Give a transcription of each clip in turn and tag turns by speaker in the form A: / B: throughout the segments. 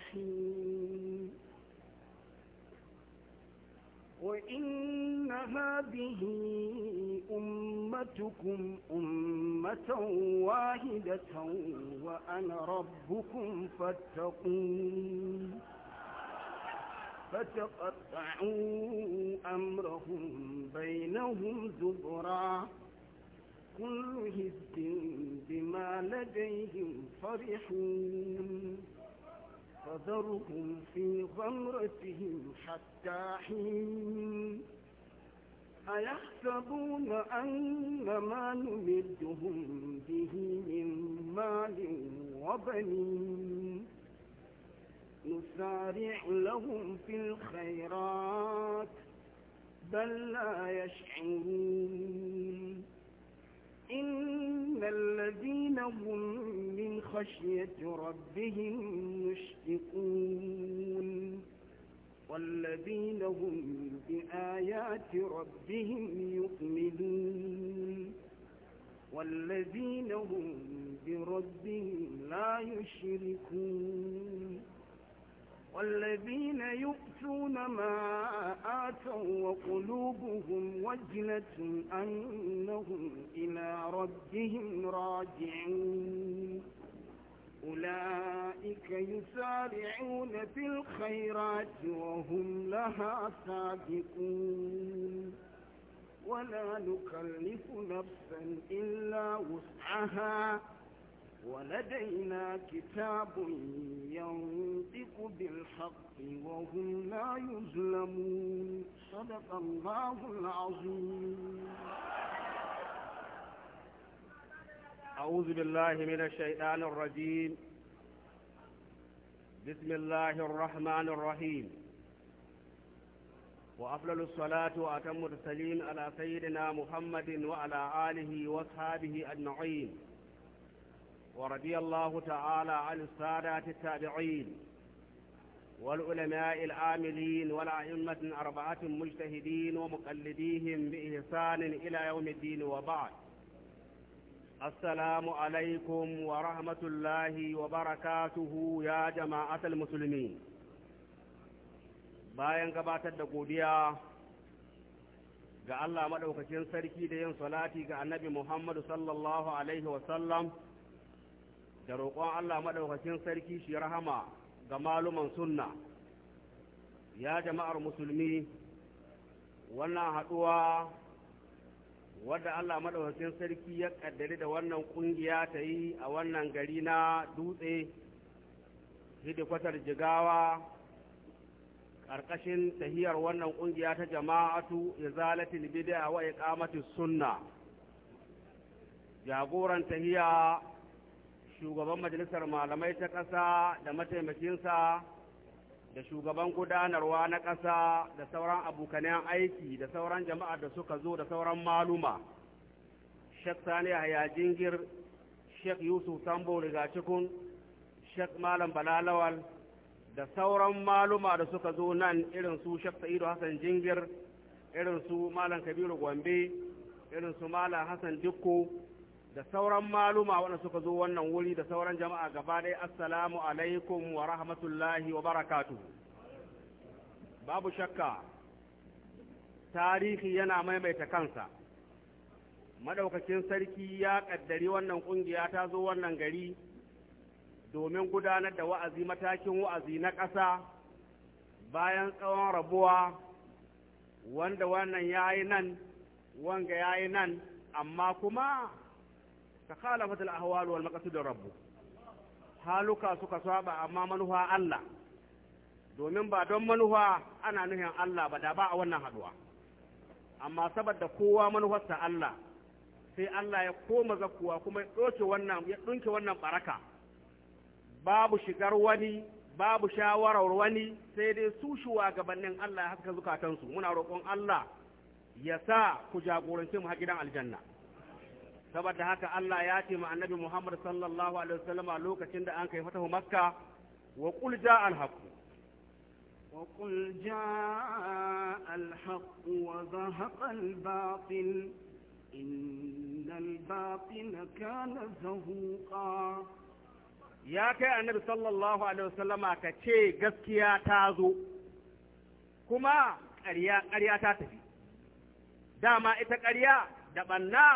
A: الرحيم وإن هذه أمتكم أمة واحدة وأنا ربكم فاتقون فتقطعوا أمرهم بينهم زبرا كل هز بما لديهم فرحون فذرهم في غمرتهم حتى حين أيحسبون أن ما نمدهم به من مال وبنين نسارع لهم في الخيرات بل لا يشعرون إن إن الذين هم من خشية ربهم مشفقون والذين هم بآيات ربهم يؤمنون والذين هم بربهم لا يشركون والذين يؤتون ما آتوا وقلوبهم وجلة أنهم ربهم راجعون أولئك يسارعون في الخيرات وهم لها سابقون ولا نكلف نفسا إلا وسعها ولدينا كتاب ينطق بالحق وهم لا يظلمون صدق الله العظيم أعوذ بالله من الشيطان الرجيم
B: بسم الله الرحمن الرحيم وأفضل الصلاة وأتم التسليم على سيدنا محمد وعلى آله وأصحابه أجمعين ورضي الله تعالى عن السادة التابعين والعلماء العاملين والأئمة الأربعة المجتهدين ومقلديهم بإحسان إلى يوم الدين وبعد السلام عليكم ورحمة الله وبركاته يا جماعة المسلمين bayan gabatar da godiya ga Allah maɗaukacin sarki da yin salati ga annabi Muhammadu sallallahu Alaihi wasallam da roƙon Allah maɗaukacin sarki shi rahama ga maluman sunna ya jama'ar musulmi wannan haɗuwa wadda Allah madaukakin sarki ya kaddari da wannan kungiya ta yi a wannan gari na dutse hidikwatar jigawa ƙarƙashin tahiyar wannan kungiya ta jama'atu izalatul bid'a wa iqamatus sunna jagoran tahiya shugaban majalisar malamai ta ƙasa da mataimakinsa da shugaban gudanarwa na ƙasa da sauran abokanen aiki da sauran jama'ar da suka zo da sauran maluma shek sani yahaya jingir shek yusuf riga cikin shek malam balalawal da sauran maluma da suka zo nan irin su shek sa'idu hassan jingir irin su malam kabiru gombe irin su malam hassan dikko da sauran maluma wanda suka zo wannan wuri da sauran jama'a gaba ɗaya assalamu alaikum wa rahmatullahi wa barakatuhu babu shakka tarihi yana maimaita kansa madaukakin sarki ya kaddari wannan kungiya ta zo wannan gari domin gudanar da wa'azi matakin wa'azi na ƙasa bayan tsawon rabuwa wanda wannan ya yi nan wanga ya yi nan amma kuma takhalafat al-ahwal wal maqsud rabbu haluka suka saba amma manufa Allah domin ba don manufa ana nuhin Allah ba da ba a wannan haduwa amma saboda kowa manuharsa Allah sai Allah ya koma zakuwa kuma ya ɗauke wannan ya ɗunke wannan baraka babu shigar wani babu shawarar wani sai dai su gabanin Allah ya haska zukatansu muna roƙon Allah ya sa ku jagorance mu ha gidan aljanna saboda haka Allah ya ce ma annabi Muhammad sallallahu alaihi wasallam a lokacin da an kai fatahu makka wa qul jaa al haqq
A: wa qul jaa al haqq wa zahaqa al batil innal batila kana zahuqa ya kai annabi sallallahu alaihi wasallama
B: ka ce gaskiya ta zo kuma ƙarya ta tafi dama ita ƙarya da banna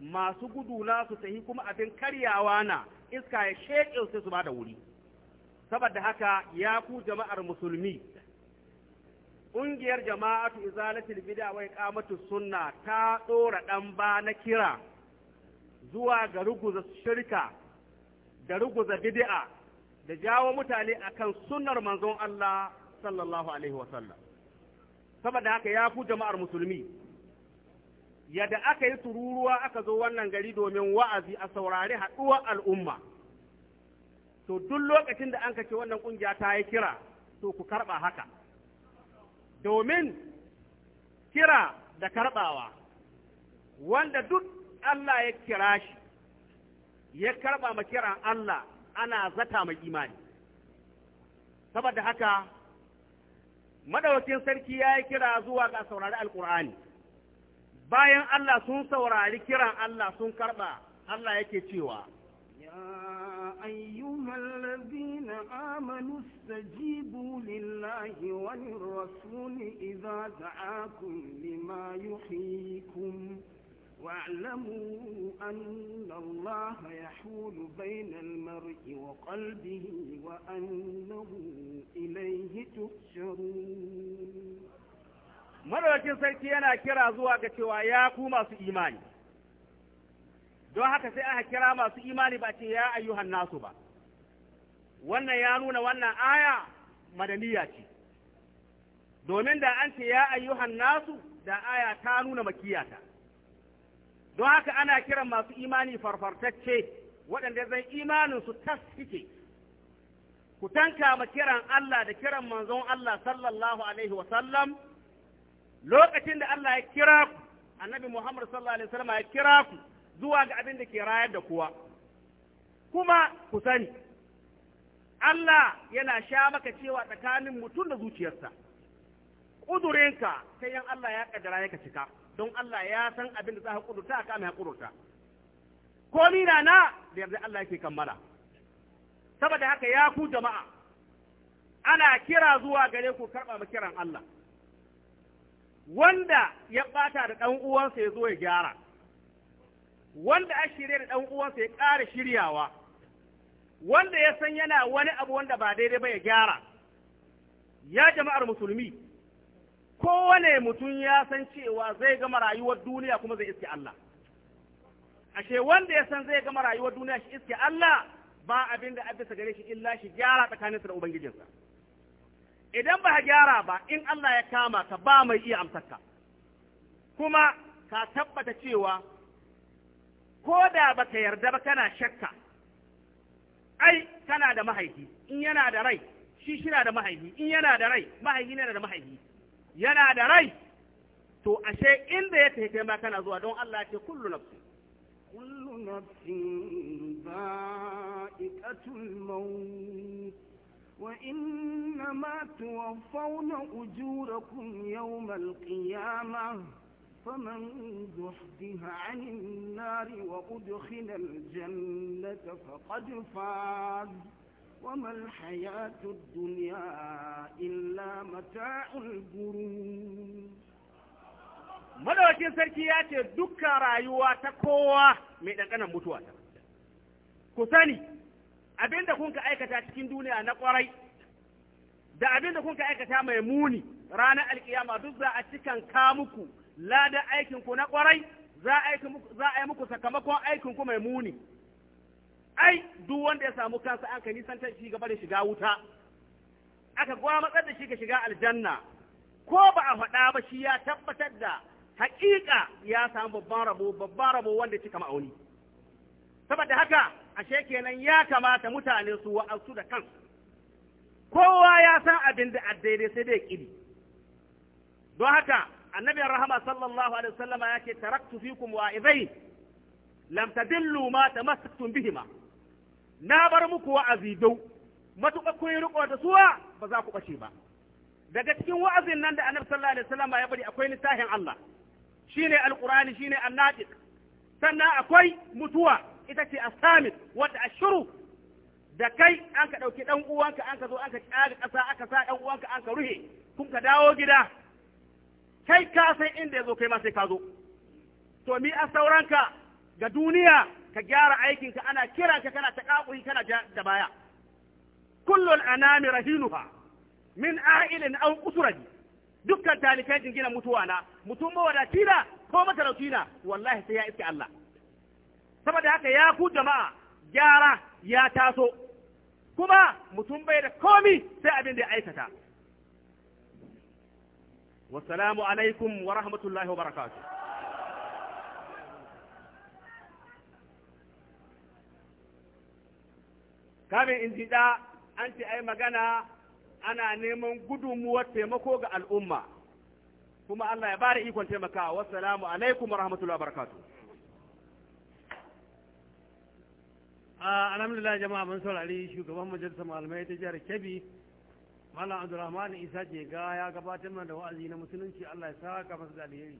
B: masu gudu na su yi kuma abin karyawa na iska ya sheƙe sai su ba da wuri saboda haka ya ku jama'ar musulmi ƙungiyar jama'atu izalatul bid'a wa iqamatu sunna ta dora dan ba na kira zuwa ga ruguza shirka da ruguza bid'a da jawo mutane akan sunnar manzon Allah sallallahu alaihi wa sallam saboda haka ya ku jama'ar musulmi yadda aka yi tururuwa aka zo wannan gari domin wa'azi a saurari haɗuwar al'umma to duk lokacin da an kace wannan ƙungiya ta yi kira to ku karɓa haka domin kira da karɓawa wanda duk Allah ya kira shi ya karɓa ma kiran Allah ana zata mai imani saboda haka madawacin sarki ya yi kira zuwa ga saurari alƙur'ani bayan Allah sun saurari kiran Allah sun karba Allah yake cewa
A: ya ayyuhal ladina amanu آمنوا lillahi لله وللرسول idza da'akum lima yuhyikum واعلموا أن الله يحول بين المرء وقلبه وأنه إليه تحشرون
B: madaukakin sarki yana kira zuwa ga cewa ya ku masu imani don haka sai aka kira masu imani ba ce ya ayyuhan nasu ba wannan ya nuna wannan aya madaniya ce domin da an ce ya ayyuhan nasu da aya ta nuna makiyata don haka ana kiran masu imani farfartacce waɗanda imanin imaninsu tas suke ku tanka ma kiran Allah da kiran manzon Allah sallallahu alaihi sallam lokacin da Allah ya kira ku annabi Muhammad sallallahu alaihi wasallam ya kira ku zuwa ga abin da ke rayar da kowa kuma ku sani Allah yana sha maka cewa tsakanin mutum da zuciyarsa ƙudurinka sai yan Allah ya kaddara ya ka cika don Allah ya san abin da za ka ƙudurta a kama ko ni na na da yarda Allah yake kammala saboda haka ya ku jama'a ana kira zuwa gare ku karba kiran Allah wanda ya ɓata da ɗan uwansa ya zo ya gyara wanda a shirya da ɗan uwansa ya ƙara shiryawa wanda ya san yana wani abu wanda ba daidai ba ya gyara ya jama'ar musulmi kowane mutum ya san cewa zai gama rayuwar duniya kuma zai iske Allah ashe wanda ya san zai gama rayuwar duniya shi iske Allah ba abin da abisa gare shi illa shi gyara tsakaninsa da ubangijinsa idan ba gyara ba in Allah ya kama ka ba mai iya amsarka kuma ka tabbata cewa ko da ba ka yarda ba kana shakka ai kana da mahaifi in yana da rai shi na da mahaifi in yana da rai mahaifi yana da mahaifi yana da rai to ashe inda ya tafi kai ma kana zuwa don Allah ya ce kullu nafsi
A: kullu nafsin ba'ikatul maut وإنما توفون أجوركم يوم القيامة فمن زحزح عن النار وأدخل الجنة فقد فاز وما الحياة الدنيا إلا متاع الغرور
B: madawacin sarki ya ce dukkan rayuwa ta kowa mai كوثاني abinda kun ka aikata cikin duniya na kwarai da abinda kun ka aikata mai muni ranar alkiyama duk za a cikan ka muku lada aikin na kwarai za a yi muku sakamakon aikin ku mai muni ai duk wanda ya samu kansa an ka nisan shi gaba da shiga wuta aka gwamatsar da shi ga shiga aljanna ko ba a faɗa ba shi ya tabbatar da haƙiƙa ya samu babban rabo babban rabo wanda cika ma'auni saboda haka ashe kenan ya kamata mutane su wa'azu da kansu kowa ya san abin da addaidai sai dai kidi don haka annabi rahama sallallahu alaihi wasallama ya ce taraktu fikum wa'izai lam tadillu ma tamassaktum bihima na bar muku wa'azi dau matuƙa kun yi riko da suwa ba za ku bace ba daga cikin wa'azin nan da annabi sallallahu alaihi wasallama ya bari akwai littafin Allah shine alqur'ani shine annatiq sannan akwai mutuwa ita ce asamit wanda a shiru da kai an ka ɗauki ɗan uwanka an ka zo an ka ƙyale ƙasa aka sa ɗan uwanka an ka ruhe kun ka dawo gida kai ka san inda ya zo kai ma sai ka zo to mi a sauranka ga duniya ka gyara aikinka ana kira ka kana ta ƙaƙuri kana da baya kullun anami rahinuha min a'ilin aw usurati dukkan talikai jingina mutuwa na mutum ba wadati na ko matalauci na wallahi sai ya iske Allah saboda haka ya ku jama'a gyara ya taso kuma mutum bai da komi sai abin da ya aikata wasalamu alaikum wa rahmatullahi wa barakatu. kamin in ji da, an ce ai magana ana neman gudunmuwar taimako ga al'umma kuma Allah ya bada ikon taimakawa wassalamu alaikum wa rahmatullahi wa barakatuh alhamdulillah jama'a mun saurari shugaban majalisar malamai ta jihar kebbi malam abdulrahman isa ce ga ya gabatar da wa'azi na musulunci allah ya saka masa da alheri